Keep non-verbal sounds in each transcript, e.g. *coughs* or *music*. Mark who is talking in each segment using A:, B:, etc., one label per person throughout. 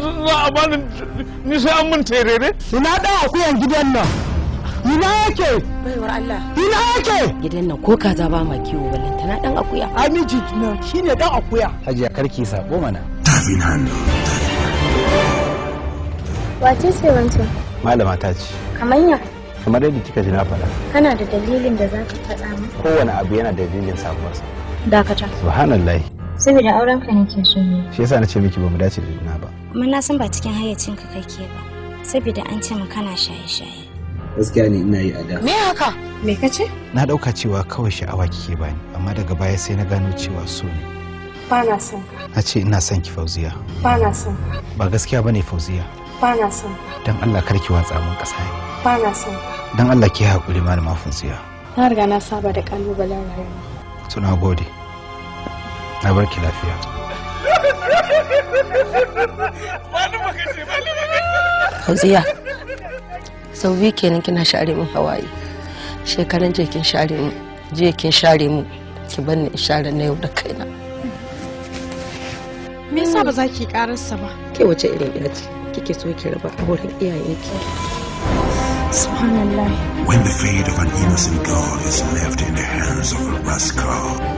A: za a bani ni sai an mun terere ina da akuyan gidan nan
B: ina yake baiwar Allah ina yake gidan nan ko kaza ba ma kiwo balanta na dan akuya
C: amiji na shine dan akuya
B: hajiya karki sako mana tafin hannu
C: wace ce wancan
D: malama ta ce kamanya kamar yadda kika ji na faɗa
E: kana da dalilin da za ka faɗa mu
D: kowane abu yana da dalilin samuwarsa dakata subhanallahi
E: saboda auren ka nake so ne
D: shi yasa nace miki ba mu dace da juna ba
C: amma na san ba cikin hayyacin ka kake ba saboda an ce mu kana shaye-shaye
D: gaskiya ne ina yi ada me haka me kace na dauka cewa kawai sha'awa kike bani amma daga baya sai na gano cewa so ne
C: ba na son ka
D: na ce ina son ki fauziya ba na son ka ba gaskiya bane fauziya
C: ba na son ka
D: dan Allah kar ki watsa mun kasa
C: ba na son ka
D: dan Allah ki hakuri malama fauziya
C: na riga na saba da kalubalen rayuwa to na gode I barki lafiya when the fate of an innocent girl is left in the hands of a rascal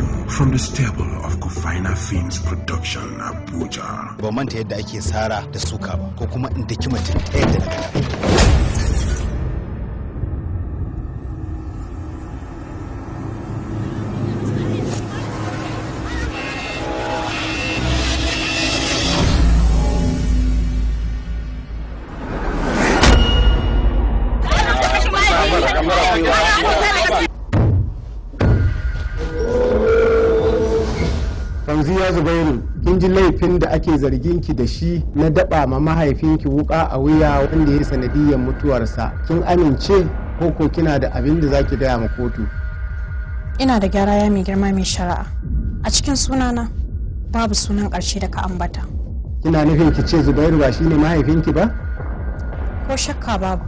C: from the stable of Kufaina Films Production
D: Abuja. Ba manta yadda ake sara da suka ba ko kuma in daki mutum ta yadda na ki da shi na daba ma mahaifinki wuka a wuya wanda ya sanadiyar mutuwarsa kin amince ko ko kina da abin da zaki gaya ma kotu
C: ina da gyara ya mai girma mai shari'a a cikin sunana babu sunan ƙarshe da ka ambata
D: kina nufin ki ce zubairu ba shine mahaifinki ba
C: ko shakka babu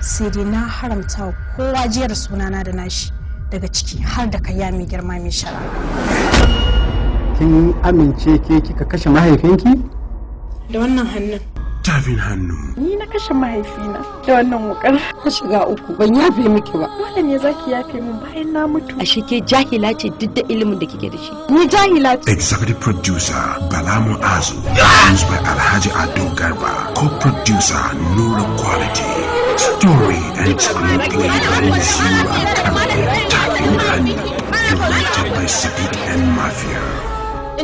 C: sai dai na haramta kowa jiyar sunana da nashi daga ciki har da ya mai girma mai shari'a
D: kin amince ke kika kashe mahaifinki?
C: Da wannan hannun.
D: Tafin hannu.
C: Ni na kashe mahaifina da wannan wukar. Na shiga uku ban yafe miki ba. Wanda ne zaki yafe min bayan na
B: mutu. Ashe ke jahila ce duk da ilimin da kike da shi. Ni jahila
F: ce. Executive producer Bala Mu'azu. Yes! Ah! by Alhaji Ado Garba. Co-producer
C: Nura Quality. Story and screenplay by Nzura
E: Kamil. Tafin hannu. Directed by Sadiq and Mafia.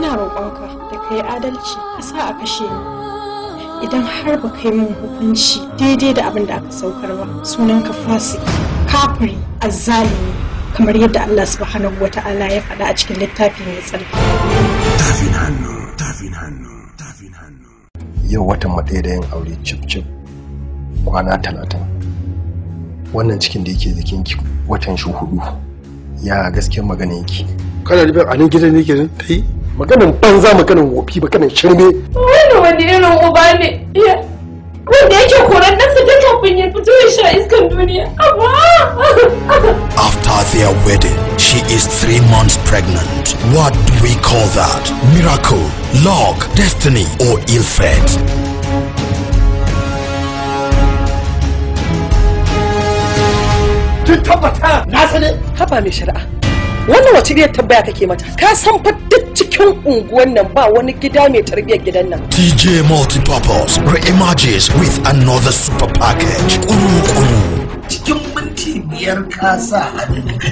E: ina
C: roƙonka da ka yi adalci sa a kashe ni idan har ba kai min hukunci daidai da abin da aka saukar ba sunan ka fasi kafiri azzalimi kamar yadda Allah subhanahu wa ta'ala ya faɗa a cikin littafi mai tsarki tafin hannu tafin hannu tafin
D: hannu yau watan maɗaya yin aure cip cip
F: kwana talatin
D: wannan cikin da yake ki watan shi hudu ya gaskiyar magana yake
F: kana nufin a nan gidan ne ke ta yi maganin
B: banza maganin wofi maganin shirme
A: wani wani irin uba ne wanda yake koran ɗansa ta kafin ya fito ya sha iskan duniya
F: after their wedding she is three months pregnant what do we call that miracle luck destiny or ill fate kin tabbata na
B: sani haba mai shari'a wannan wace biyar tambaya kake mata ka san fa duk cikin unguwan nan ba wani gida mai tarbiyyar gidan nan
F: TJ Multipurpose re-emerges with another super package kuru-kuru
B: cikin minti biyar ka sa hannun
D: ka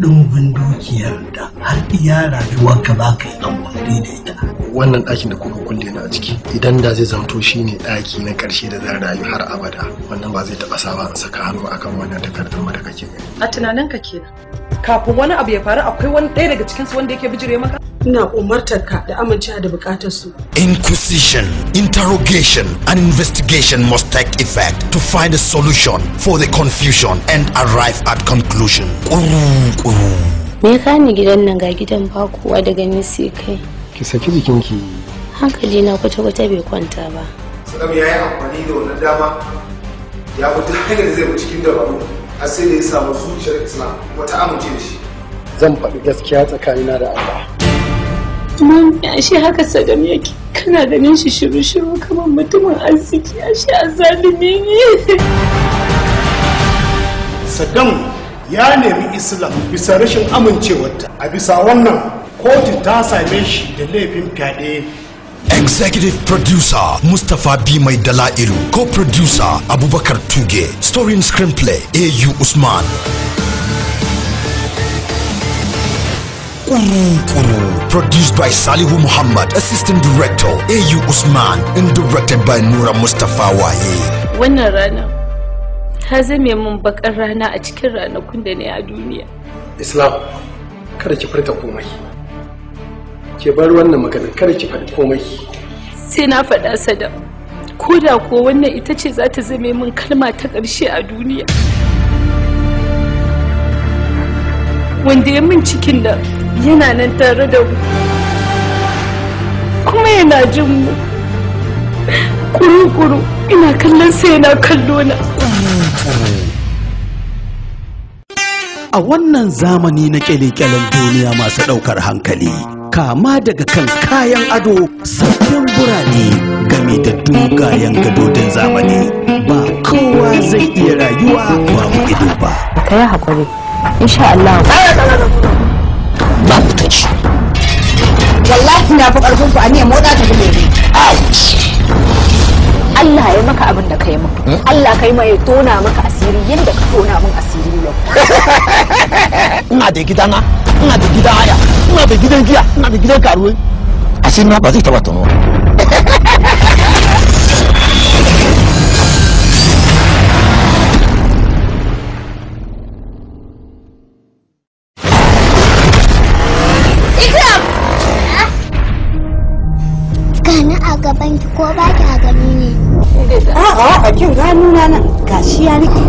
D: ɗimbin dukiyar da har iya rayuwar ka ba ka yi amfani da ita wannan ɗakin da kuka kulle na a ciki idan da zai zamto shi ne ɗaki na ƙarshe da zan rayu
B: har abada wannan ba zai taɓa saba in saka hannu akan wannan takardar ba da kake gani a ka kenan kafin wani abu ya faru akwai wani ɗaya daga cikinsu wanda yake bijire maka ina umartar ka da amincewa da bukatar su
F: inquisition interrogation and investigation must take effect to find a solution for the confusion and arrive at conclusion
E: kuru
B: me ka ni gidan nan ga gidan ba kowa daga ni sai kai
F: ki
C: saki jikinki
B: hankali na kwata-kwata bai kwanta ba
G: sadam ya amfani da wannan dama ya fita hanyar zai mu cikin dabaru da ya samu zuciyar islam
A: wata
B: amince da shi zan faɗi gaskiya tsakanina da allah
E: Mun ya
A: ashe haka sadam yake kana ganin shi shiru-shiru kamar mutumin arziki ashe
F: azalimi ne Sagan ya nemi islam bisa rashin amincewarta a bisa wannan kotu ta same shi da laifin fyaɗe Executive Producer Mustapha B. Mai Co-Producer Abubakar Tuge. Story and Screenplay A.U. Usman. Kuru Kuru Produced by Salihu Muhammad, Assistant Director, A.U. Usman, and directed by Nura Mustafa Waye.
A: Wannan rana ta zame min bakar rana a cikin ranakun da ne a duniya.
B: Islam, kada ki furta komai. ke bar wannan
D: maganar kada
F: ki faɗi komai
A: sai na faɗa sada ko da ko wannan ita ce za ta zame min kalma ta ƙarshe a duniya wanda ya min cikin da yana nan tare da mu
B: kuma yana jin mu kuru-kuru ina kallon sa yana kallo na a
D: wannan zamani na kyale-kyalen duniya masu ɗaukar hankali kama daga kan
B: kayan ado sabbin burane
D: game da dogayen gadodin zamani ba
B: kowa zai
D: iya rayuwa ba mu ido ba ka yi haƙuri insha Allah ba ku tace wallahi
C: na fa karfin ku a ne motsa ta bule ne
A: Allah ya maka abin da ka yi min hmm? Allah kai mai tona maka asiri yadda ka tona min asiri nada da gida na ina da gida haya ina da gidan giya ina da gidan karuwai asiri na ba zai taba tunuwa
D: a gani ne.
E: A'a a kin gano na nan gashi ya rike.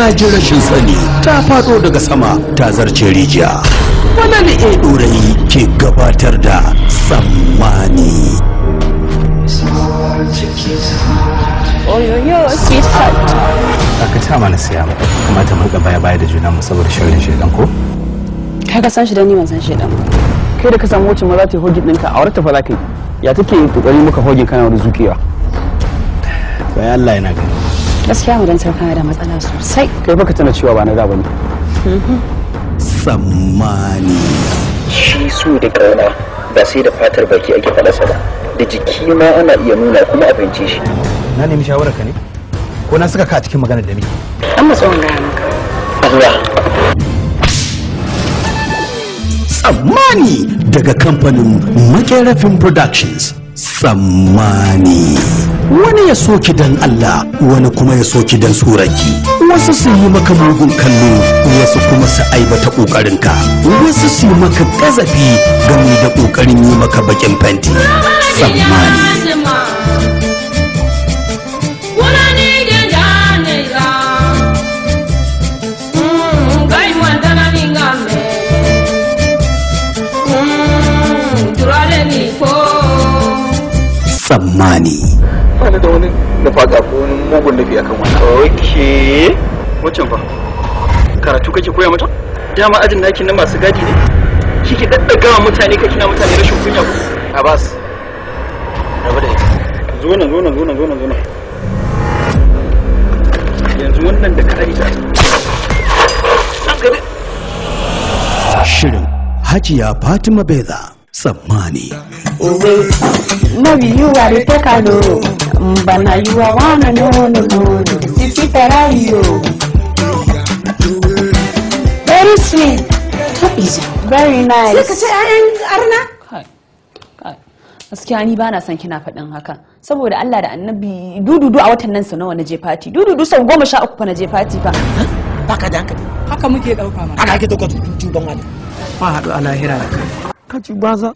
D: ta ji rashin sani ta faɗo daga sama ta zarce rijiya wani a ɗorayi ke gabatar da tsammani aka ta mana siya ba kamata mu riga baya baya da juna mu saboda shirin shaidan ko kai ka san shi da ni ma san shaidan kai da ka samu wacce maza ta yi hogin ɗinka a wurin ta fa za ka yi ya take kokari muka hogin kana wani zuƙewa bayan Allah yana gani gaskiya mu dantar kana da matsala sosai kai baka tana cewa ba na da bane mhm. tsammani shi so da kauna ba sai da fatar baki ake falasa ba da jiki ma ana iya nuna kuma a fahimce shi na nemi shawarar ka ne ko na suka ka a cikin maganar da muke an matsawan gaya maka Allah tsammani daga kamfanin makerafin productions tsammani wani ya soki dan Allah wani kuma ya soki dan suraki wasu su yi maka mugun kallo wasu kuma su aibata ƙoƙarinka wasu su yi maka ƙazafi game da ƙoƙarin yi maka bakin fenti
E: tsammani
D: tsammani ba da wani da faɗa ko wani mugun nufi akan wani oke
A: wacce fa karatu kake koya mata dama ajin nakin na masu gadi ne kike
D: daddagawa mutane kake na mutane rashin kunya ku abbas rabu da ita zo nan zo nan zo nan zo nan zo nan yanzu wannan da ka aika shirin hajiya
C: fatima beza
D: tsammani
C: no be you are the taker though but now you are one and only good sisi ferrari o very sweet very nice sai ka ce ƴaƴan arna
A: gaskiya ni bana son kina faɗin haka saboda Allah da annabi dududu a watan nan sau na je fati dududu sau goma sha uku na je fati fa baka da hankali haka muke ɗauka ma haka ake ɗauka tuban wani
B: ba haɗu a lahira da
A: kai ka ci baza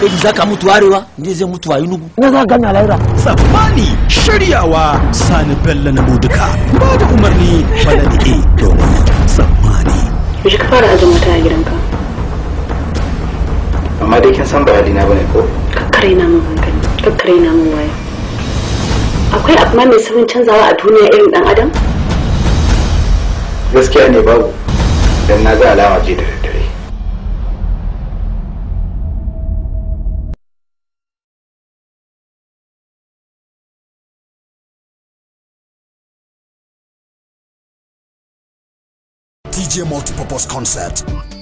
D: kai zaka mutu arewa ne zai mutu a yunubu
A: na za gana laira
D: tsammani shiryawa sani bello na muduka ba da umarni falalike domin tsammani
B: yaushe ka fara azumin ta a gidanka
D: amma dai kin san ba halina bane ko
B: kakkare na mun hankali kakkare na mun waya akwai abu mai saurin canzawa a duniya irin dan adam
E: gaskiya ne babu dan na ga alama ce da
H: TJ Multipurpose Concept.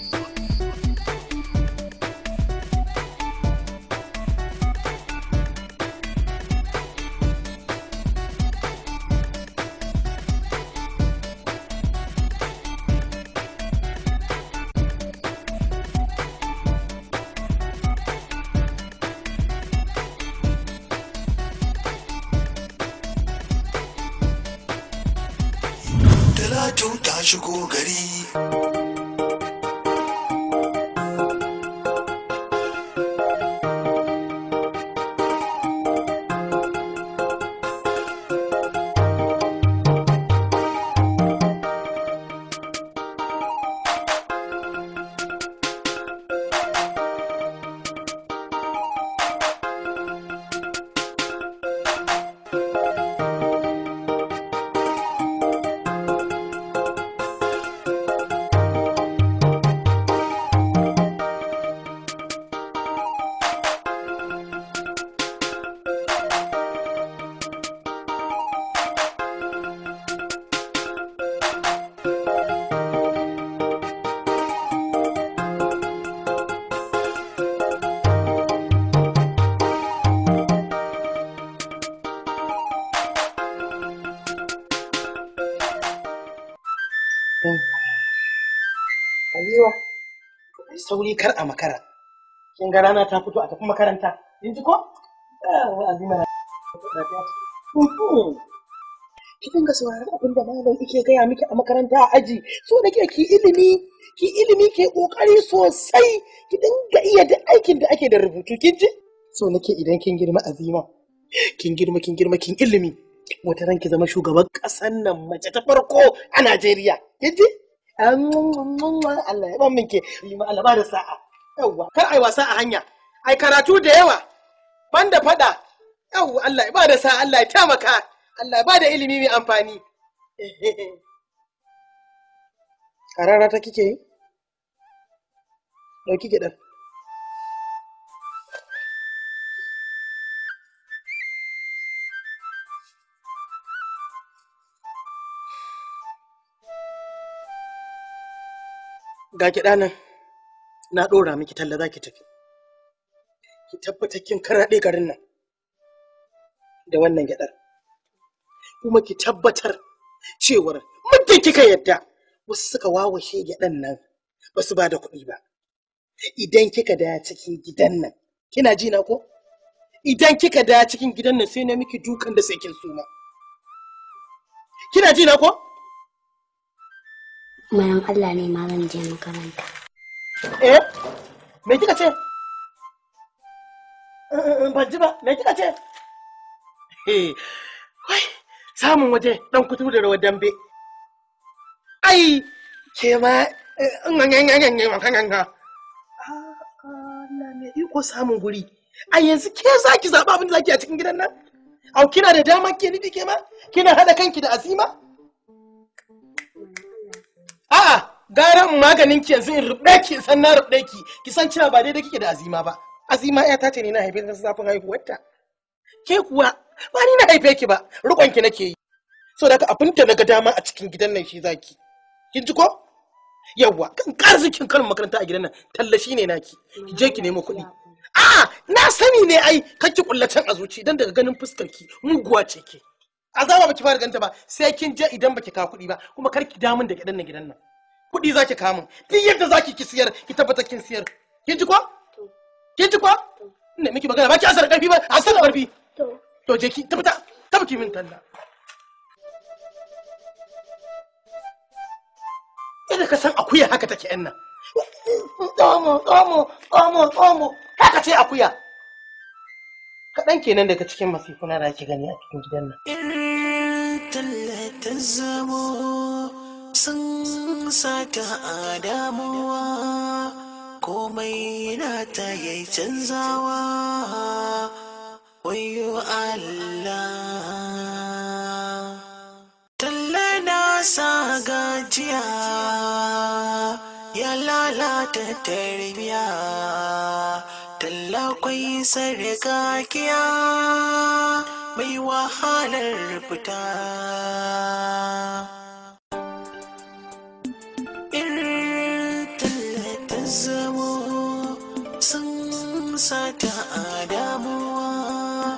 B: sauri kar a makara kin ga rana ta fito a tafi makaranta in ji ko ah, azima na ki dinga sauraron abin da malam yake gaya miki a makaranta a aji so nake ki ilimi ki ilimi ke kokari sosai ki dinga iya da aikin da ake da rubutu kin ji so nake idan kin girma azima kin girma kin girma kin ilimi wata ranki zama shugaban ƙasan nan mace ta farko a Najeriya kin ji Allah ya ban minke Allah ba da sa'a yawwa kar ai wasa a hanya ai karatu da yawa banda faɗa. yawwa Allah ya ba da sa'a Allah ya taimaka Allah ya ba da ilimi mai amfani *laughs* karara ta kike yi ɗauki dauki ɗan. ga kiɗa nan na ɗora miki talla za ki tafi ki tabbatar kin karaɗe garin nan da wannan gyaɗar kuma ki tabbatar cewar muddin kika yadda wasu suka wawashe gyaɗan nan ba su ba da kuɗi ba idan kika da cikin gidan nan kina ji na ko idan kika daya cikin gidan nan sai na miki dukan da sai kin suma kina ji na ko
E: bayan Allah ne ma zan je makaranta.
B: Eh? Me kika ce? Eh, eh, eh, ban ji ba, me kika ce? Wai, samun waje ɗan kutu da rawar dambe. Ai, ke ma Allah me iko samun guri. A yanzu ke za ki zaɓa abin da za ki a cikin gidan nan? Au, kina da dama ke nufi ke ma? Kina haɗa kanki da azima? a'a gara in maganin ki yanzu in rubɗe ki san na rubɗe ki ki san cewa ba daidai kike da azima ba azima ya ta ce ne na haife ta zafin ta. ke kuwa ba ni na haife ki ba rukon ki nake yi so da abin da na ga dama a cikin gidan nan shi zaki kin ji ko yawwa kan kin kan makaranta a gidan nan tallashi ne naki ki je ki nemo kuɗi a'a na sani ne ai ki kullacen a zuci dan daga ganin fuskar ki muguwa ce ke azaba baki fara ganta ba sai kin je idan baki ka kuɗi ba kuma kar ki damun da gidan nan gidan nan kuɗi zaki kamun duk yadda zaki ki siyar ki tabbatar kin siyar kin ji ko kin ji ko ina miki magana ba ki asar karfi ba asar karfi to je ki tabbata tabbaki min talla ina ka san akuya haka take yan nan tsomo tsomo tsomo tsomo haka ce akuya kaɗan kenan daga cikin masifuna da
E: ake gani a cikin gidan nan
C: ta zamo sun sata adamuwa, komai na ta yi canzawa wayo Allah talla na sa gajiya ya lalata tarbiya talla kwai sarkakiya mai wahalar fita. zamo sun sata a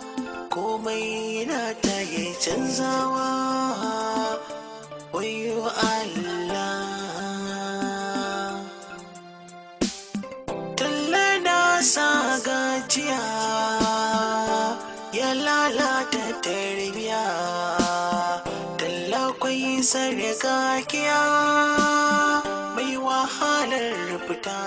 C: komai na ta yi canzawa. sare zakiya mai wahalar fita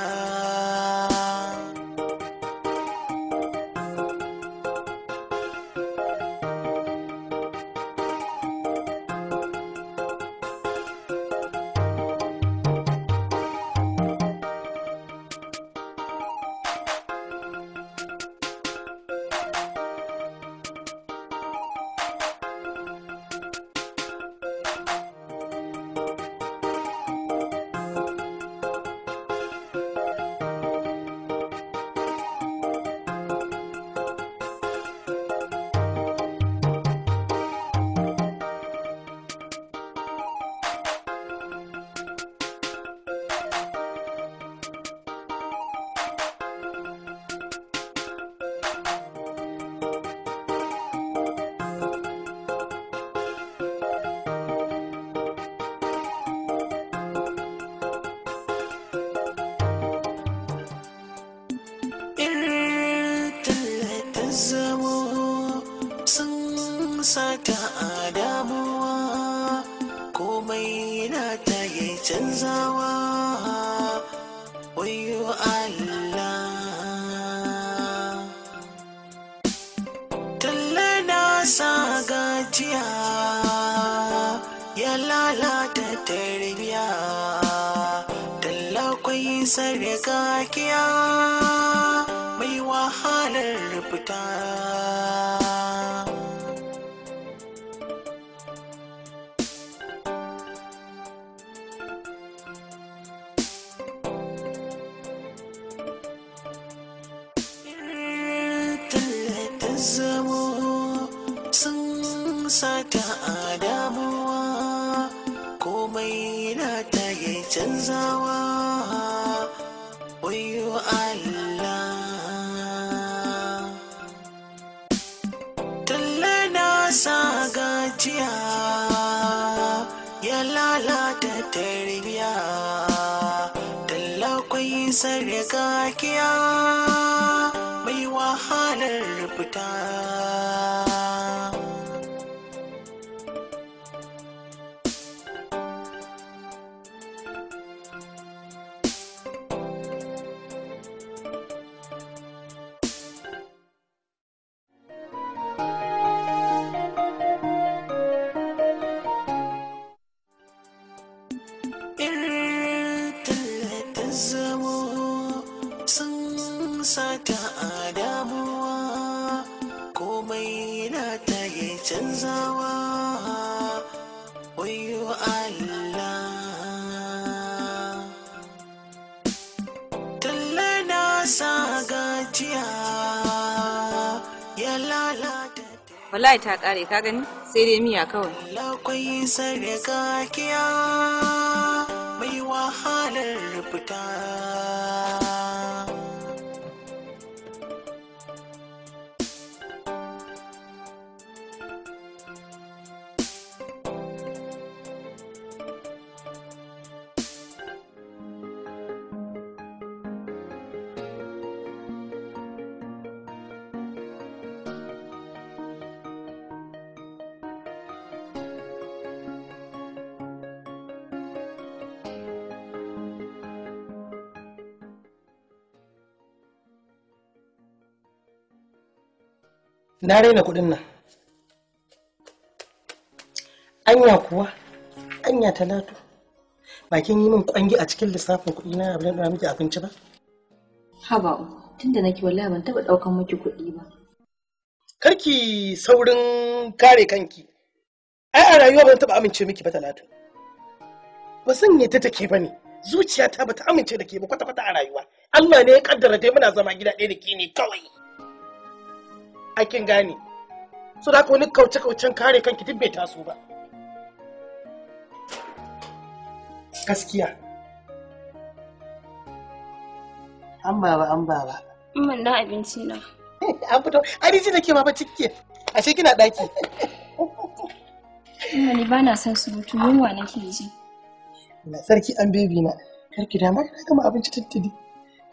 C: tarbiya ya lalata tarbiya tallakwai kakiya mai wahalar fita canzawa wayo Allah talle na sa gajiya ya lalata tarbiya tallakwai kiyar wallahi ta kare ka gani sai dai miya kawai lakwai sarkakiya mai wahalar rubuta
B: na raina kuɗin nan anya kuwa anya talatu ba kin yi min kwangi a cikin lissafin kuɗi na abin da muke abinci ba haba tunda nake wallahi ban taba daukan miki kuɗi ba karki saurin kare kanki ai a rayuwa ban taba amince miki ba talatu ba san ta take ba ne zuciyata ba ta amince da ke ba kwata-kwata a rayuwa Allah ne ya kaddara dai muna zama gida ɗaya da ke ne kawai hakin gane so da wani kauce-kaucen kare kanki duk bai taso ba gaskiya an baba an baba Mun na abinci na *laughs* an fito abinci da ke ma baba ciki ashe kina daki Ina ne ba na son surutu yunwa nake ji. Na sarki an bebi na. Karki dama ka gama abinci tattali.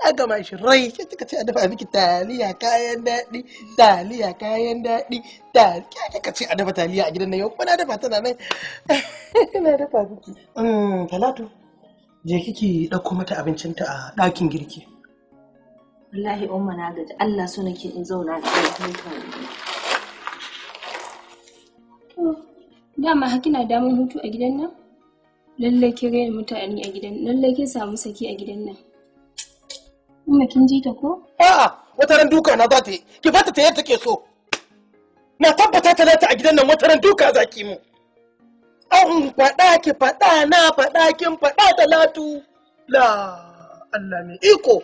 B: a ba shi rai sai kika ce a dafa miki taliya kayan daɗi taliya kayan daɗi taliya kika ce a dafa taliya a gidan nan yau kuma na dafa tana nan *laughs* na dafa miki mm, talatu je kiki ɗauko mata abincinta a ɗakin girki
G: wallahi umma na gaji Allah so nake in zauna a da hankali
B: dama hakina damar hutu a gidan nan lallai ke raina mutane a gidan lallai ke samu saki a gidan nan Umma kin ji ta ko? A'a, wata ran duka na za ta yi. Ki bata ta yadda take so. Na tabbata ta lata a gidan nan wata ran duka za ki mu. An faɗa ki faɗa na faɗa kin faɗa talatu. La Allah mai iko.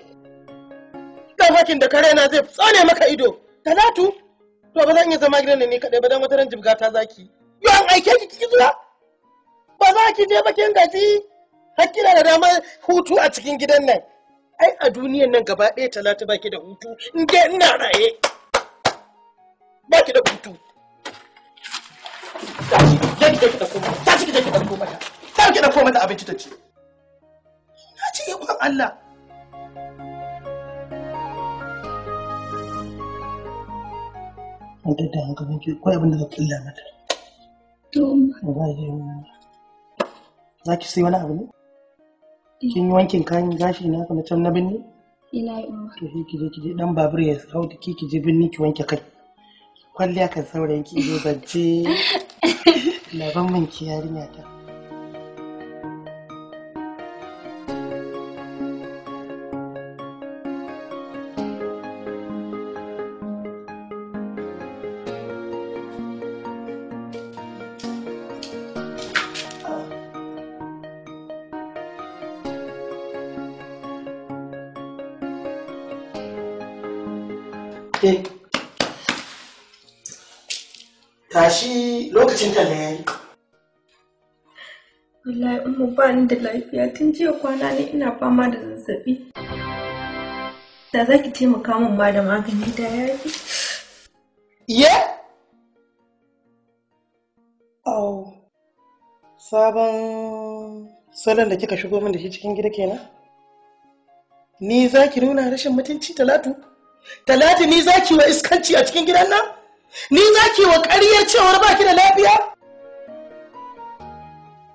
B: Dan hakin da kare na zai tsane maka ido. Talatu, to ba zan iya zama gidan nan ne kaɗai ba dan wata ran jibga ta zaki. Yawan aike ki kiki zuwa. Ba za ki je ba kin gaji. Hakkina da dama hutu a cikin gidan nan. ai a duniyan nan gaba ɗaya talata baki da hutu inda ina raye baki da hutu tashi ki je ki ta tashi ki ki da abinci ta ci na ce ikon Allah da hankalin ki akwai abin da killa mata to za ki sai wani abu ne kin yi wankin kayan gashi na ka can na binni ina yi umma to ki je ki je dan babur ya hau da ki ki je binni ki wanke kai kwalliya kan saurayin ki zo zance *laughs* laban min ki ta Eh. Tashi lokacin ta ya yi.
D: Wallahi umma ba ni da
B: lafiya tun jiya kwana ne ina fama da zazzabi. Da za ki taimaka min ba da magani da ya yi. Ye? Au, sabon salon da kika shigo min da shi cikin gida kenan? Ni za ki nuna rashin mutunci talatu? talati ni za wa iskanci a cikin gidan nan ni za ki wa ƙaryar cewar ba ki da lafiya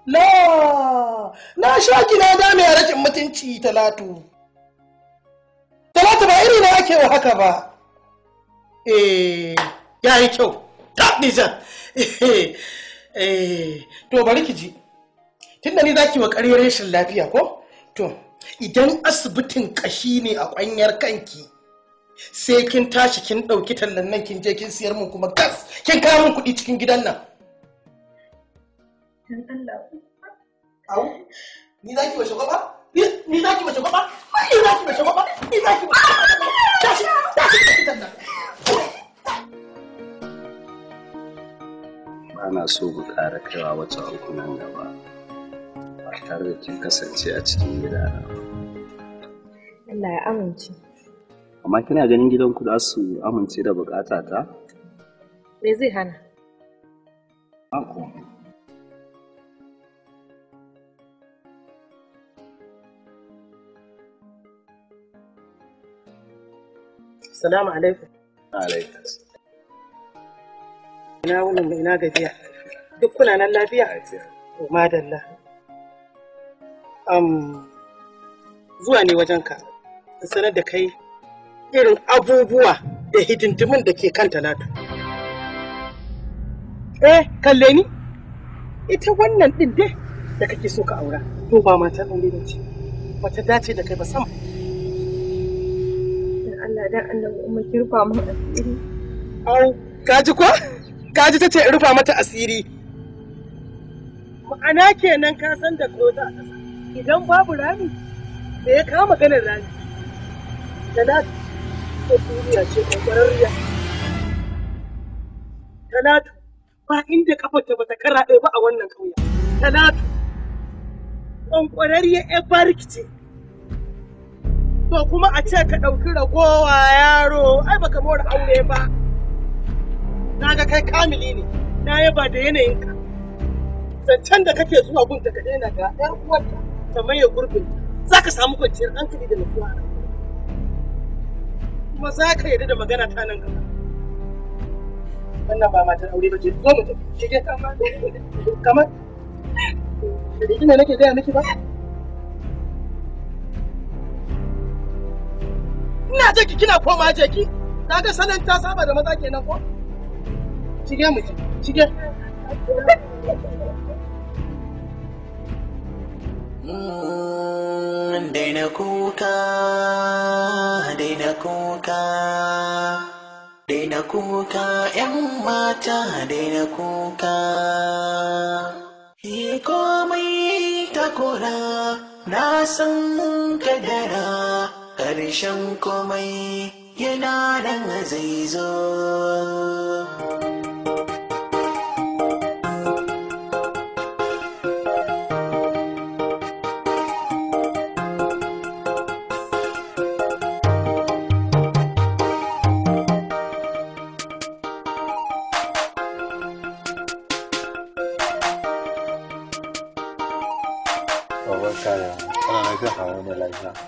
B: la na sha ki na dame a rashin mutunci talatu talatu ba iri na ake wa haka ba eh ya yi kyau ta eh, eh, to bari ki ji tunda ni za ki wa ƙaryar rashin lafiya ko to idan asibitin kashi ne a ƙwanyar kanki sai kin tashi kin ɗauki tallan nan kin je kin siyar mun kuma gas kin kawo mun kuɗi cikin gidan nan. ni za ki wace gwaba? Ni za ki wace gwaba? Ni za ki wace gwaba? Ni za ki wace gwaba? Tashi, tashi
D: Ba na so ku ƙara kaiwa wata uku nan gaba. Ba tare da kin kasance a cikin gidana ba.
C: Allah ya amince.
D: amma kina ganin gidanku da su amince da bukata ta?
B: Me zai hana? Ako. Salamu alaikum. Alaikum. Ina wunin mai ina gajiya. Duk kuna nan lafiya? Madalla. Um, zuwa ne wajenka. Sanar da kai irin abubuwa da hidindimin da ke kan talatu. Eh, kalle ni? Ita wannan ɗin dai da kake so ka aura, to ba mata ɗanɗe da ce, mata dace da kai ba sama. Dan Allah dan Allah umma ki rufa mun asiri. Au, kaji ko? Kaji tace in rufa mata asiri. Ma'ana kenan ka san da kota a ƙasa. Idan babu rami, da ya kama ganin rami. Da dace. duniya ce ƙwararriya. Talatu ba inda kafar ta bata ɗaya ba a wannan ƙauye. Talatu ƙwanƙwararriya ‘yar bariki ce. To kuma a ce ka ɗauki ragowa yaro ai baka aure ba. Na ga kai kamili ne na yaba da yanayinka. Zancen da kake zuwa gunta ka daina ga ‘yar uwarta ta maye gurbin za ka samu kwanciyar hankali da nutsuwa. kuma za ka yarda da magana ta nan gaba wannan ba matar aure ba ce zo
E: mu tafi yi
B: kamar da kina nake gaya miki ba ina jeki kina koma jeki ga sanin ta saba da maza kenan ko shige mu
C: shige daina kuka daina kuka daina kuka yan mata daina kuka komai ta kora na san kadara ƙarshen komai yana nan zai zo.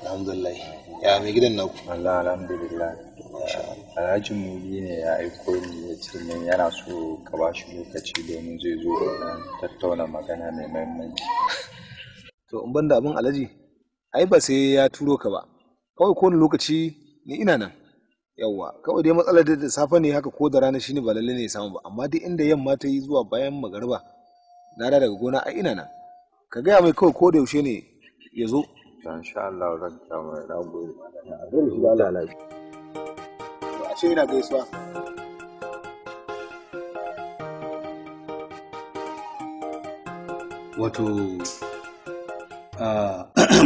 G: alhamdulillah ya mai gidan ku. Allah alhamdulillah eh, alhaji mubi ne ya aiko ni ya cire min yana so ka ba shi lokaci domin zai zo dan tattauna magana mai muhimmanci to in banda abin alhaji ai ba sai ya turo ka ba kawai kowane lokaci ni ina nan yawwa kawai dai matsalar da safe ne haka ko da rana shine ba lalle ne ya samu ba amma duk inda yamma ta yi zuwa bayan magariba na da daga gona ai ina nan ka gaya mai kawai ko da yaushe ne ya zo insha Allah zan samu zan a ce gaisuwa
E: wato *clears throat*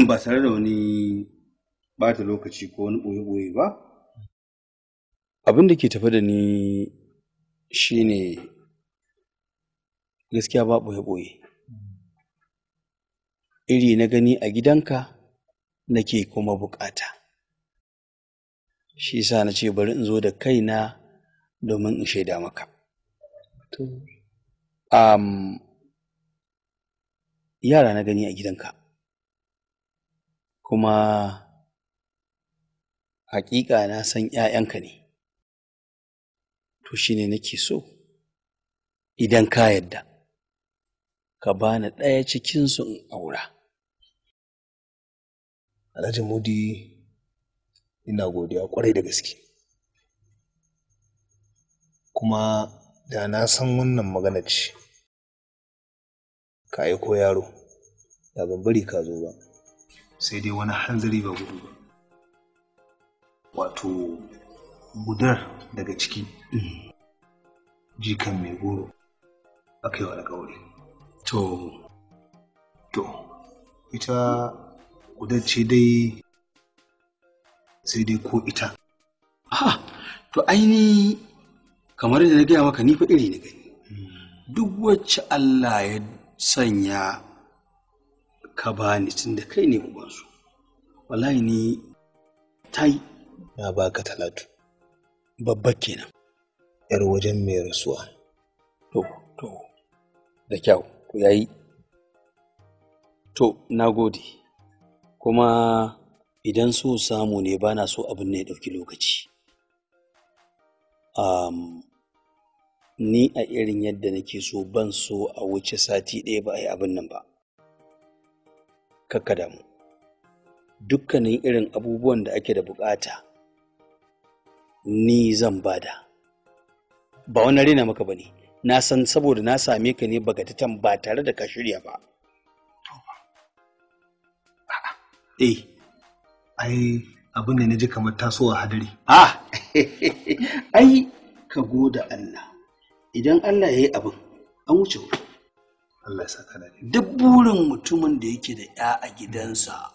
D: ba tare da wani bata lokaci ko wani ɓoye-ɓoye ba abin da ke tafi da ni shine gaskiya ba ɓoye-ɓoye iri na gani a gidanka nake kuma bukata shi sa na ce bari in zo da kaina domin in shaida maka um, yara na gani a gidanka kuma hakika na san ‘ya'yanka ne to shi ne nake so idan ka yadda ka bani ɗaya cikinsu in aura Alhaji Mudi ina godiya kwarai da
G: gaske. Kuma da na san wannan magana ce, ka aiko yaro, da ban bari ka zo ba, sai dai wani hanzari ba gudu ba. Wato, gudar daga ciki, jikan mai goro, aka yi alƙawari To, to, ita Ƙudar ce dai sai dai ko ita.
D: Ah, to aini kamar da na gaya maka ni fa iri na gani. Duk wacce Allah ya sanya ka bani tun da kai ne ubansu. Wallahi ni ta yi. Na baka talatu. Babba kenan. Yar wajen mai rasuwa. To, to, da kyau, ku yayi. To, na gode. kuma idan so samu ne ba na so abin ne ya ɗauki lokaci um, ni a irin yadda nake so ban so a wuce sati ɗaya ba a yi abin nan ba kakka damu dukkanin irin abubuwan da ake da bukata ni zan bada ba wani rena maka ba ne na san saboda na same ka ne ta ba tare da ka shirya ba
G: eh ai abin da na ji kamar tasowa hadari ah
D: *laughs* ai ka goda Allah idan Allah ya yi abin an wuce Allah ya saka da duk burin mutumin da yake da ya a gidansa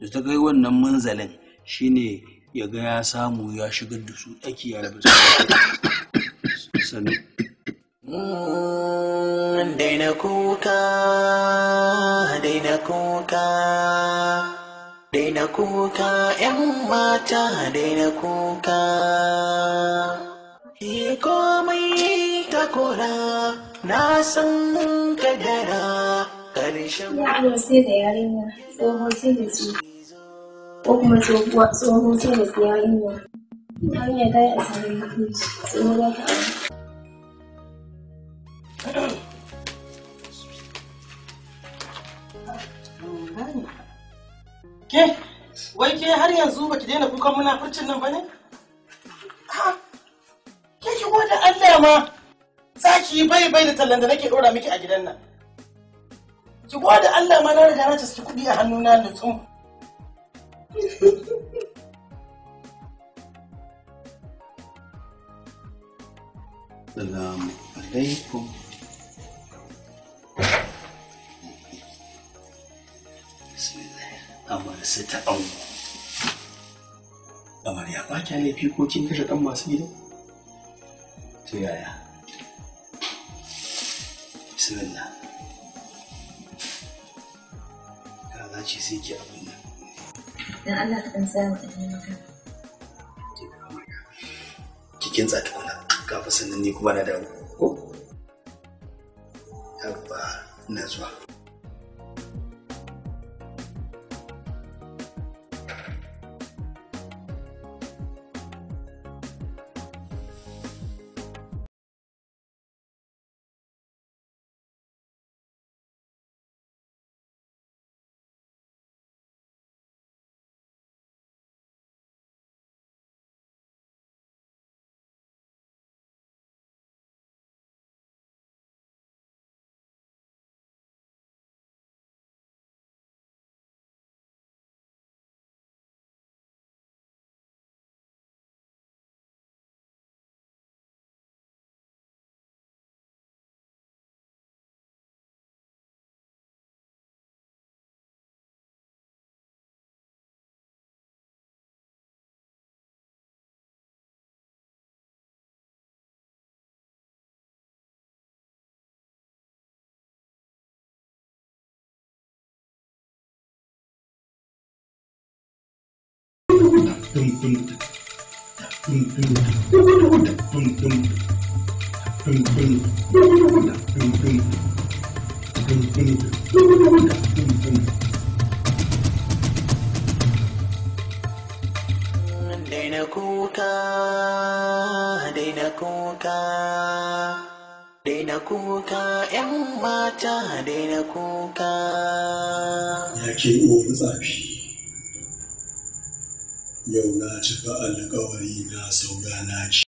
D: da ta kai wannan manzalin shine ya ga ya samu
C: ya shigar da su ɗaki ya rabu *coughs* sannan daina kuka daina kuka daina kuka yan mata daina kuka ke komai ta kora na san kadara karshen ya alo sai da yarinya tsohon sai da su ko kuma tsohuwa tsoho sai da yarinya
E: hanya ta yi a sami tsohon za ta aure
B: Ke, wai ke har yanzu baki daina kukan furcin nan ba ne? Ha, ke ki da Allah ma za ki yi bai bai da tallan da nake ɗora miki a gidan nan. Ki da Allah ma na riga na su kuɗi a hannuna da tsum.
D: Assalamu alaikum. amarsu ta ango amarya ba kya laifi ko kin kashe ɗan masu gida to yaya
E: bismillah ka za
D: sai ki abin nan dan Allah ka dan ni kuma na dawo
H: Daina
E: kuka, daina kuka, daina
C: kuka, ‘yan mata daina kuka. Ya ke
H: uwa zafi. Yau na cika alƙawari na na naci.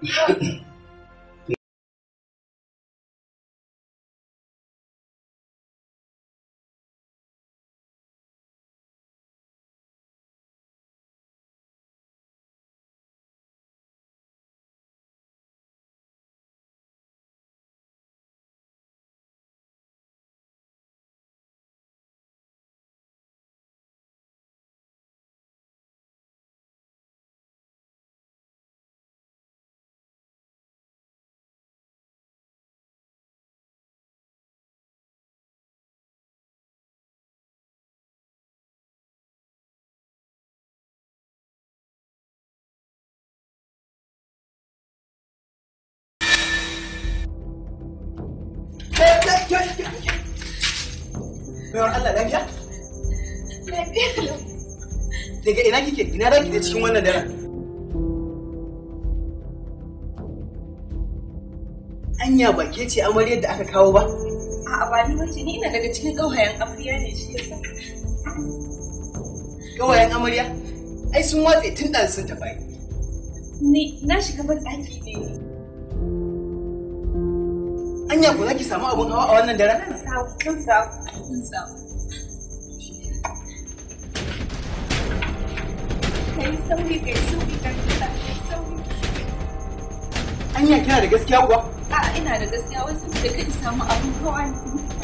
H: 你看。
E: Baiwar Allah lafiya? Lafiya lau.
B: Daga ina kike? Ina da ki cikin wannan daren? Anya ba ke ce amaryar da aka kawo ba? A'a ba ni bace ni ina daga cikin ƙauyen amarya ne shi yasa. Ƙauyen amarya? Ai sun watse tun ɗan sun tafi. Ni na shiga
G: ban ɗaki ne.
B: Anya ko zaki samu abun hawa a wannan dare Kan
A: samu, kan samu, samu.
D: Kai sauri, kai sauri, kai sauri.
B: Anya kina da gaskiya kuwa?
D: A'a ina da gaskiya wasu da kai samu abun hawa ne.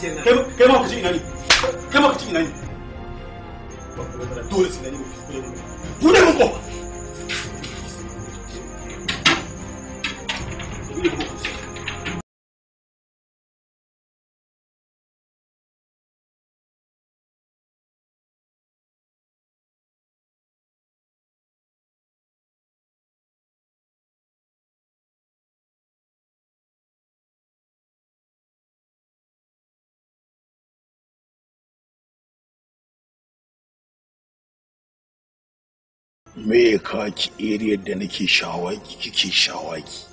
D: kai ma na
H: me ya kawo ki area da nake
E: shawaki kike shawaki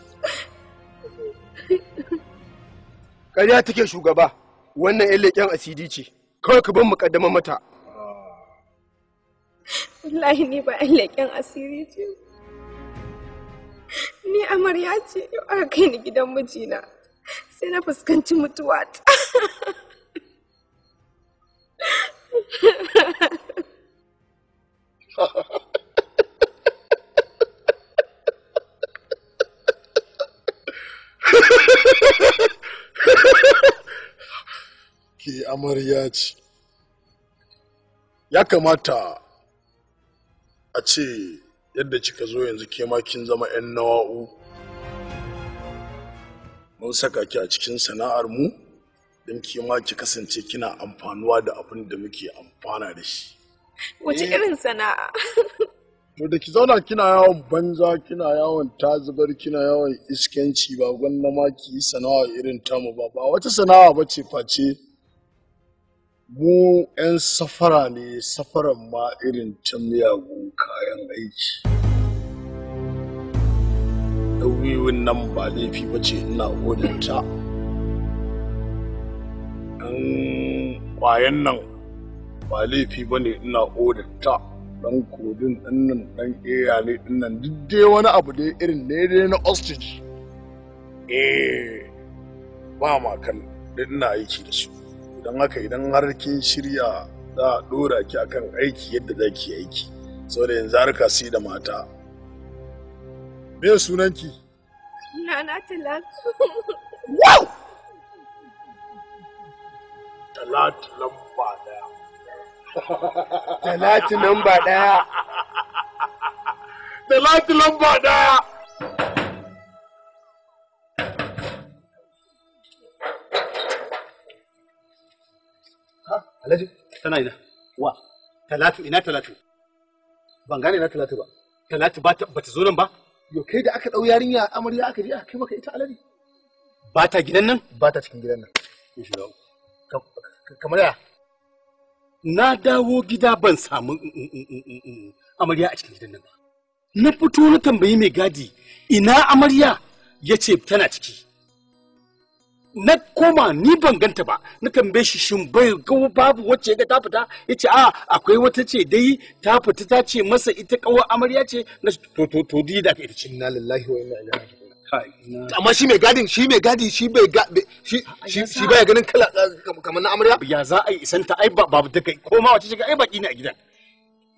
F: ƙarya take shugaba wannan yan leƙen asidi ce kawai ka ban muƙaddama mata
D: wallahi ni ba yan leƙen asiri ce ni amarya ce yau aka kai ni gidan mijina sai na fuskanci mutuwa ta ha *laughs* ha ha
E: *laughs*
F: ke amarya ce ya kamata a ce yadda kika zo yanzu ke kin zama 'yan nawa'u mun saka ki a cikin sana'ar mu don kima ki kasance kina amfanuwa da abin da muke amfana da shi wace eh. irin sana'a *laughs* to da ki zauna kina yawon banza kina yawon tazubar kina yawon iskanci ba gwanna ma ki yi sana'a irin tamu ba ba wata sana'a ba ce face mu 'yan safara ne safaran ma irin ta miyagun kayan aiki ɗauriwin nan ba laifi ba ce ina odinta ɗan ƙwayan nan ba laifi ba ne ina odinta dan kodin dinnan dan eya ne dinnan duk dai wani abu dai irin ne dai na ostrich eh ba ma kan ina aiki da su idan haka idan har kin shirya za a dora ki akan aiki yadda za ki aiki saboda yanzu har ka si da mata me sunan ki?
C: nana talatu
F: wow talatu
E: Talatu lamba ɗaya. Talatu lamba
F: ɗaya.
D: Alhaji, tana ina? Wa, talatu ina talatu? Ban gane na talatu ba. Talatu ba ta zo nan ba? Yo, kai da aka ɗau
B: yarinya amarya aka je aka kai maka ita alhaji.
D: Ba ta gidan nan? Ba ta cikin gidan nan. Kamar ya? na dawo gida ban samu mm, mm, mm, amarya a cikin gidan nan ba na fito na tambayi mai gadi ina amarya ya ce tana ciki na koma ni ban ganta ba na tambaye shi shin bai gawo babu wacce ga ta fita ya ce a akwai wata ce dai ta fita ta ce masa ita kawar amarya ce na to to to da ita ce na wa inna ilaihi amma shi mai gadin shi mai gadi shi bai shi shi baya ganin kala kamar na amarya ya za a yi isanta ai ba ba da kai ko ma wace shiga ai baki ne a gidan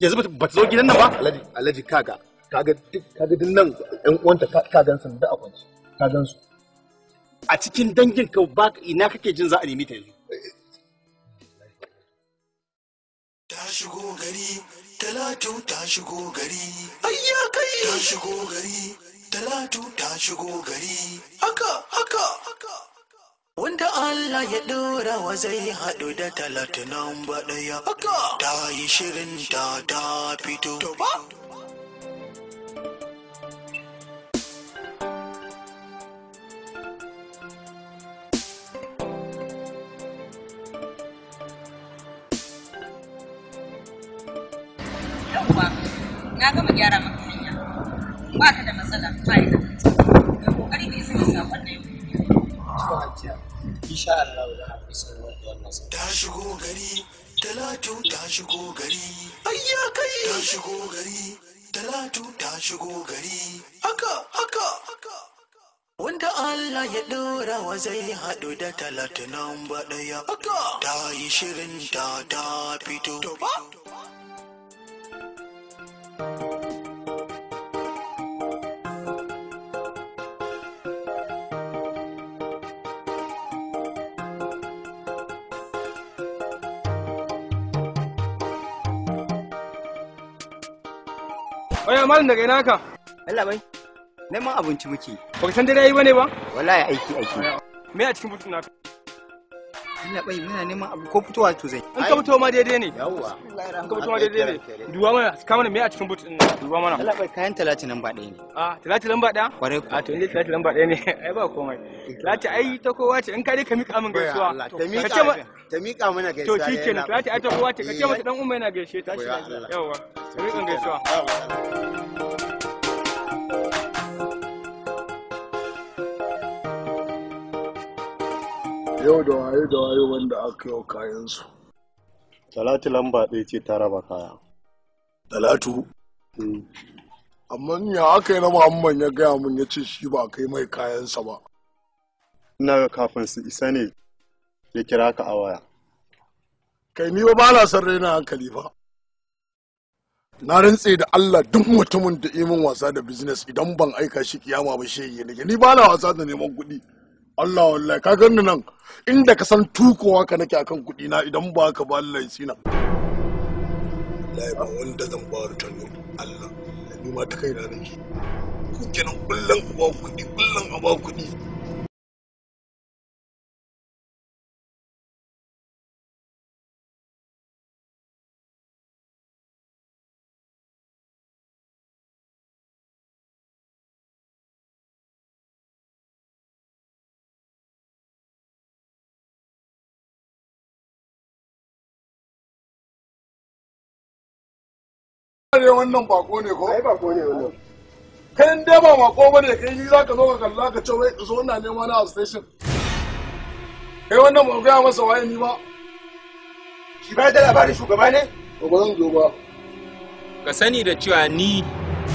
D: yanzu ba ta zo gidan nan ba alhaji alaji kaga kaga duk kaga din nan ɗan uwanta ka gan da a kwance ka gan su a cikin dangin ka ba ina kake jin za a nemi ta yanzu
F: ta shigo gari talatu ta shigo gari ayya kai ta shigo
C: gari talatu ta shigo gari haka haka haka wanda Allah ya ɗora wa zai haɗu da talatu nan ɗaya? haka ta yi shirin ta ta fito nawa zai haɗu da talatin talatinan ɗaya ta yi shirin ta ta fito
B: Oya, malin daga ina ka? Allah bai. neman abinci muke ba san dare yayi bane ba wallahi aiki aiki me a cikin butun naka
D: Allah bai muna neman abu ko fitowa to zai in ka fito ma daidai ne Yawwa.
C: in
E: ka fito ma daidai ne
D: Duwa mana ka mana me a cikin butun nan Duwa mana Allah bai kayan talati nan ba ɗaya ne a
B: talati ba ɗaya Kware ko a to indai talati ba ɗaya ne *laughs* ai ba komai talati ai ta kowa ce in ka dai ka mika min gaisuwa ta
D: mika mana gaisuwa to shikenan talati ai ta kowa ce ka ce mata dan
B: umma yana gaishe ta
D: shi Yawwa.
B: ta mika gaisuwa
F: yau da waye da waye wanda aka yau kayansu talatu lamba ɗaya ce ta raba kaya talatu mm. amma ya aka yi na Muhammad ya gaya mun ya ce shi ba kai mai kayansa ba ina ga kafin su isa ne ya kira ka a waya kai ni ba na son raina hankali ba na rantse da Allah duk mutumin da imin wasa da business idan ban aika shi kiyama ba shi ne ni ba na wasa da neman kuɗi Allah wallahi ka gani nan inda ka san tukowa ka nake akan kuɗi na idan ba ka ba Allah sina. Wallahi
E: ba wanda zan ba wa Allah. Ni ma ta kai na nake.
H: Ku kenan kullum a ba kuɗi kullum a ba kuɗi. ne wannan bako ne ko? Ai bako ne wannan. Kai in
F: dai ba bako ba ne kai za ka zo ka kalla ka ce wai zo na nema na station. Kai wannan ba gaya masa waye ni ba. Shi ba da labarin shugaba ne? Ba
H: zan zo ba. Ka sani da cewa ni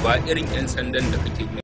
H: ba irin 'yan sandan da kake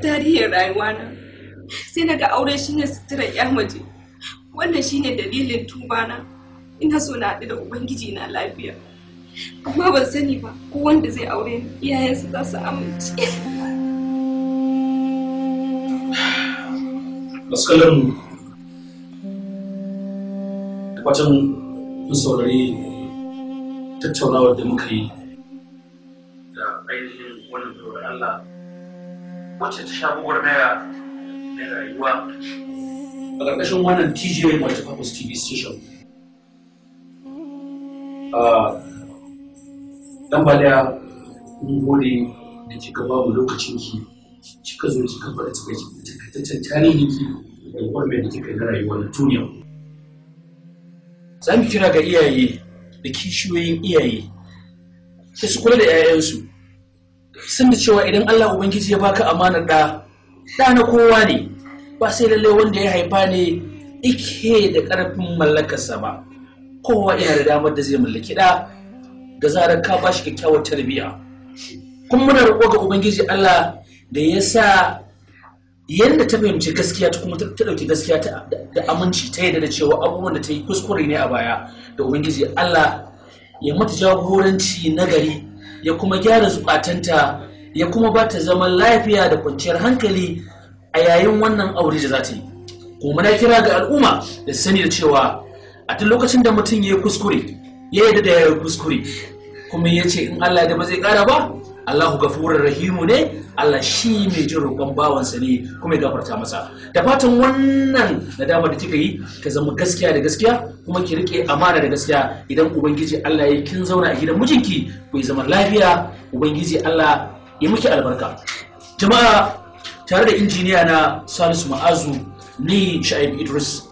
D: tarihin tarihin na sai na ga aure shine sutura 'yan waje, wannan shine dalilin tuba na, ina so na haɗu da ubangiji na lafiya amma ban sani ba ko wanda zai aure ni iyayensa za su amince
A: da fatan saurari tattaunawar da muka yi da ainihin wannan tsoron Allah wacce ta sha gwagwarmaya na rayuwa a ƙarƙashin wannan tj multipurpose tv station dan ba da mun gode da kika ba mu lokacin ki kika zo kika faɗa takaitaccen tarihin ki da gwagwarmaya da kika yi na rayuwa na tuniya. za mu kira ga iyaye da kishiyoyin iyaye sai su kula da 'ya'yansu sun da cewa idan Allah Ubangiji ya baka amana da, da na kowa ne ba sai lalle wanda ya haifa ne ike da ƙarfin mallakarsa ba kowa yana da damar da zai mallaki da, da zarar ka ba kyakkyawar tarbiyya Kun muna roƙo ga Ubangiji Allah da ya sa yadda ta fahimci gaskiya ta kuma ta ɗauki gaskiya da aminci ta yadda da cewa abubuwan da ta yi kuskure ne a baya da Ubangiji Allah ya mata jagoranci na gari ya kuma gyara zukatanta ya kuma ba ta zaman lafiya da kwanciyar hankali a yayin wannan aure da za ta yi kuma na kira ga al'umma da sani da cewa a duk lokacin da mutum ya yi kuskure ya yi da ya yi kuskure kuma ya ce in Allah da ba zai kara ba Allahu gafurur rahimu ne Allah shi mai jin roƙon bawansa ne kuma ya gafarta masa da fatan wannan nadama da kika yi ka zama gaskiya da gaskiya kuma ki rike amana da gaskiya idan ubangiji Allah ya kin zauna a gidan mijinki ku zama lafiya ubangiji Allah ya miki albarka jama'a tare da injiniya na Salisu Ma'azu ni Sha'ib Idris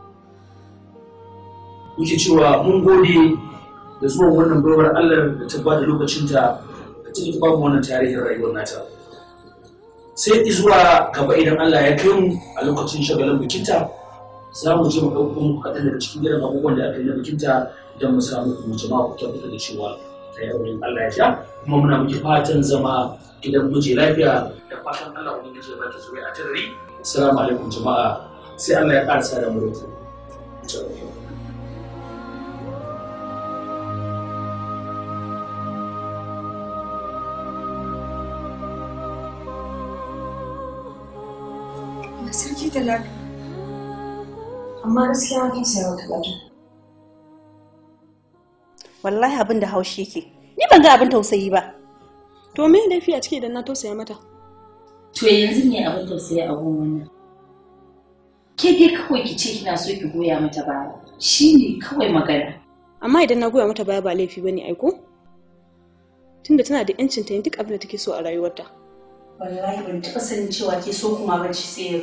A: muke cewa mun gode da zuwan wannan gobar Allah da ta bada lokacinta tun ba mu wannan tarihin rayuwar nata sai zuwa gaba idan Allah ya kai mu a lokacin shagalin bikinta za mu je mu ɗauko mu kaɗan daga cikin irin abubuwan da aka yi na bikinta don mu samu mu jama'a ku tabbatar da cewa ta yi Allah ya sha kuma muna muke fatan zama gidan muje lafiya da fatan Allah wani gaje ba ta zuwa a tarari assalamu alaikum jama'a sai Allah ya ƙarsa da mu
C: talaka amma gaskiya kan tausaya wa talaka wallahi abin da haushi yake ni ban ga abin tausayi ba to me
B: laifi a cike idan na tausaya mata to yanzu ne abin tausayi a wannan ke dai kawai ki ce kina so ki goya mata baya ne kawai magana amma idan na goya mata baya ba laifi bane aiko tunda tana da yancin ta yin duk abin da take so a rayuwarta
C: wallahi ban taɓa sanin cewa ke so kuma bacci sai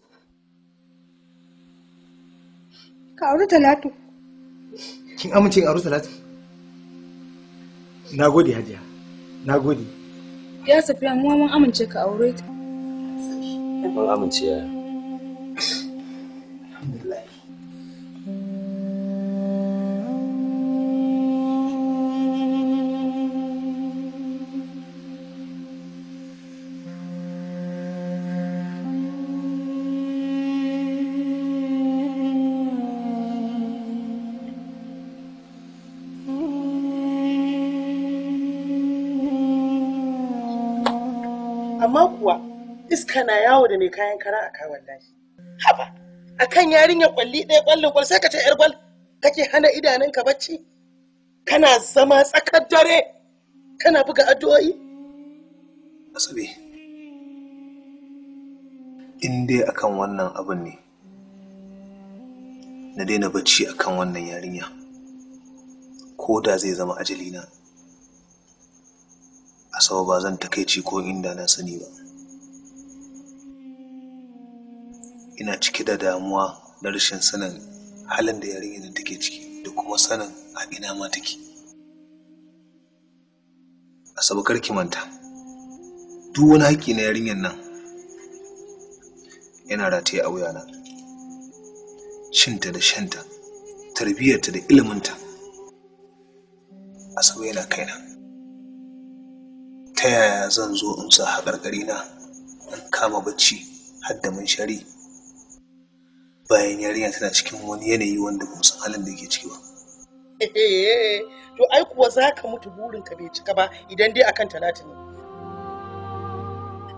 E: ka auri talatu
B: kin amince in auri talatu na gode hajiya na gode ya safiya mu mun amince ka aure ta
E: mun amince ya.
B: kana yawo da mai kayan kara a kawon lashi haba a akan yarinya kwalli ɗaya kwallon kwal sai ka ce yar kwal kake hana idanunka bacci kana zama tsakar dare kana buga addu'o'i asabe
G: in dai akan wannan abin ne na daina bacci akan wannan yarinya ko da zai zama ajalina asawa ba zan takaici ko inda na sani ba ina cike da damuwa na rashin sanin halin da yarinyar da take ciki da kuma sanin a ina ma take kar karki manta duk wani haƙƙi na yarinyar nan yana rataye a wuya wuyana cinta da shanta tarbiyyarta da iliminta Asabe yana kaina ta yaya zan zo in sa haƙarƙari na in kama bacci har da munshari shari bayan yarinya tana cikin wani yanayi wanda ba san halin da yake ciki ba
B: eh, to ai kuwa za ka mutu burin ka bai cika ba idan dai akan talatu ne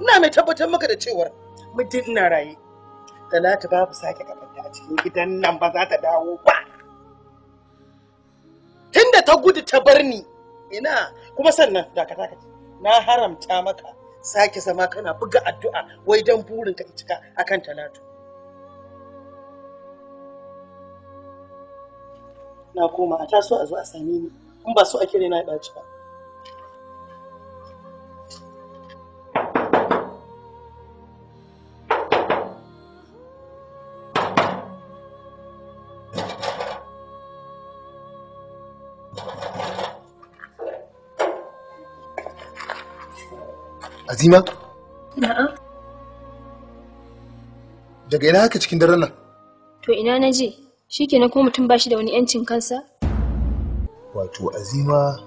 B: ina mai tabbatar maka da cewar mutum ina raye talatu babu sake kafanta a cikin gidan nan ba za ta dawo ba tunda ta gudu ta bar ni ina kuma sannan dakata ka na haramta maka sake zama kana buga addu'a wai dan burin ka cika akan talatu na koma a taso a zo a same ni in ba su ake na ya ɓaci ba
G: Azima? Na'am. Daga ina haka cikin daren nan?
B: To ina na je? shikenan kuma mutum ba shi da wani yancin kansa
G: wato azima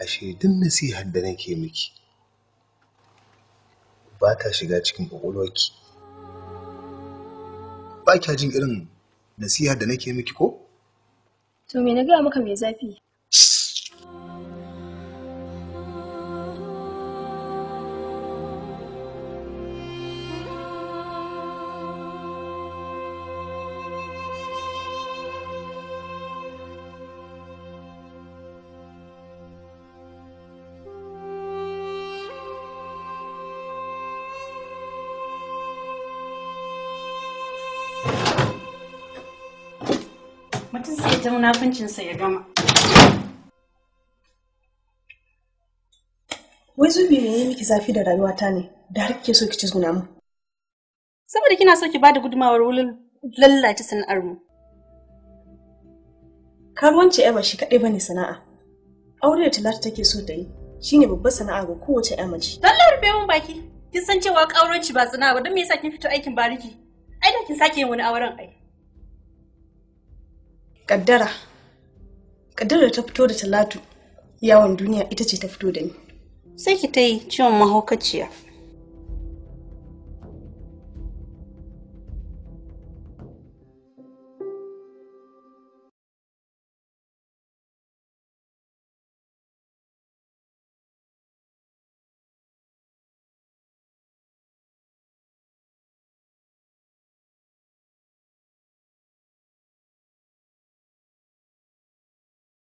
G: a duk nasihar da nake miki ba ta shiga cikin ƙwaƙwalwarki ba kya jin irin nasihar da nake miki ko
B: to me na gaya maka mai zafi
D: shi ta munafuncinsa ya gama.
B: Wai zubi ne ya miki zafi da rayuwa ta ne da har kike so ki cizguna mu. Saboda kina so ki ba da gudumawar wurin lallace sana'ar mu. Karuwanci ya ba shi kaɗai bane sana'a. Aure da Talatu take so ta yi shine babbar sana'a ga kowace ya mace. Dalla rufe mun baki. Kin san cewa ƙauranci ba sana'a ba don me yasa kin fito aikin bariki? Ai da kin sake yin wani auren ai. kaddara kaddara ta fito da talatu yawon duniya ita ce ta fito da ni sai ki ta yi ciwon mahaukaciya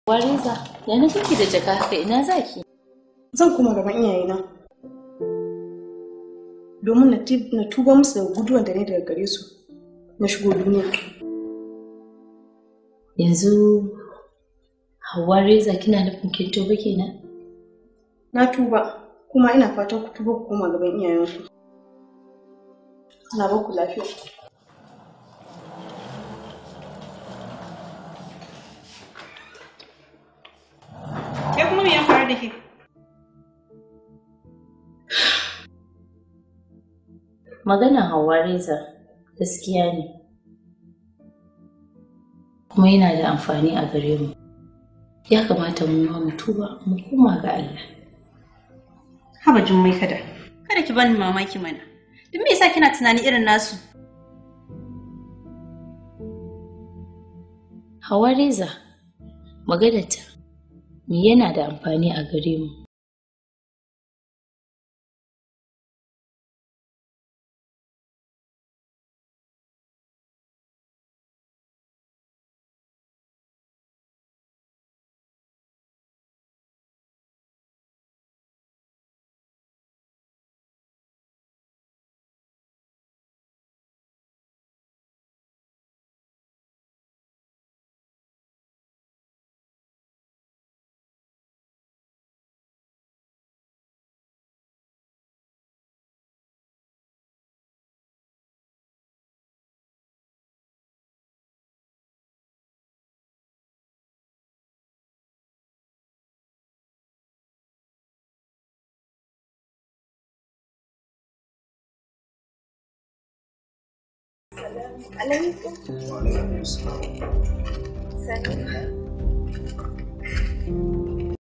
H: Wariza, ya na da jaka haka ina zaki? Zan kuma gaban iyayena. Domin na
B: tuba musu da guduwan da ne daga gare su na shigo duniya.
H: Yanzu Hawwa Reza kina nufin kin tuba kenan?
B: Na tuba kuma ina fatan ku tuba ku koma gaban iyayenku. Ana ba ku lafiya.
H: Ke kuma me ya da ke? Maganar Hauwa Reza gaskiya ne. Kuma yana da amfani a gare mu. Ya kamata mu ma mu tuba mu koma ga Allah.
B: Haba jummai kada.
D: Kada ki bani mamaki mana. Duk me yasa
H: kina tunani irin nasu? Hawa Reza maganarta yana da amfani a gare mu عليكم وعليكم السلام
E: ثانية